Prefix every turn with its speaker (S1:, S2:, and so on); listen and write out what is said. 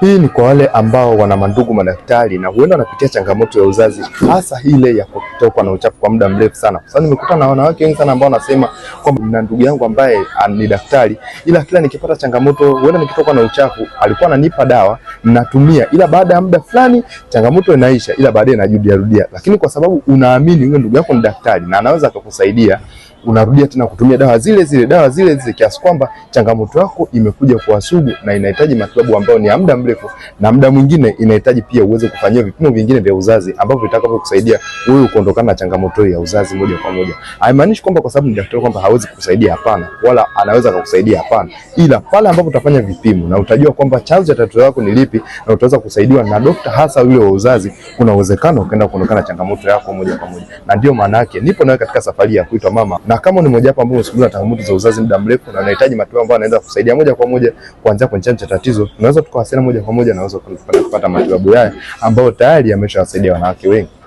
S1: Hii ni kwa wale ambao wana mandugu madaktari na huenda wanapitia changamoto ya uzazi, hasa ile ya kutokwa na uchafu kwa muda mrefu sana. Sasa nimekuta na wanawake wengi sana ambao wanasema kwamba nina ndugu yangu ambaye ni daktari, ila kila nikipata changamoto, huenda nikitokwa na uchafu, alikuwa ananipa dawa natumia, ila baada ya muda fulani changamoto inaisha, ila baadaye inajirudia rudia. Lakini kwa sababu unaamini huyo ndugu yako ni daktari na anaweza akakusaidia unarudia tena kutumia dawa zile zile dawa zile zile, kiasi kwamba changamoto yako imekuja kuwa sugu na inahitaji matibabu ambayo ni ya muda mrefu, na muda mwingine inahitaji pia uweze kufanyia vipimo vingine vya uzazi ambavyo vitakavyokusaidia wewe kuondokana na changamoto ya uzazi moja kwa moja. Haimaanishi kwamba kwa sababu ni daktari kwamba hawezi kukusaidia, hapana, wala anaweza kukusaidia, hapana, ila pale ambapo utafanya vipimo na utajua kwamba chanzo cha tatizo lako ni lipi na utaweza kusaidiwa na dokta hasa yule wa uzazi, kuna uwezekano ukaenda kuondokana na changamoto yako moja kwa moja, na ndio maana yake nipo nawe katika safari ya kuitwa mama na kama ni mojawapo ambao unasumbuliwa na changamoto za uzazi muda mrefu na unahitaji matibabu ambayo anaweza kusaidia moja kwa moja kuanzia kwenye chanzo cha tatizo, unaweza tukawasiliana moja kwa moja na unaweza kupata matibabu yaya ambayo tayari yameshawasaidia wanawake wengi.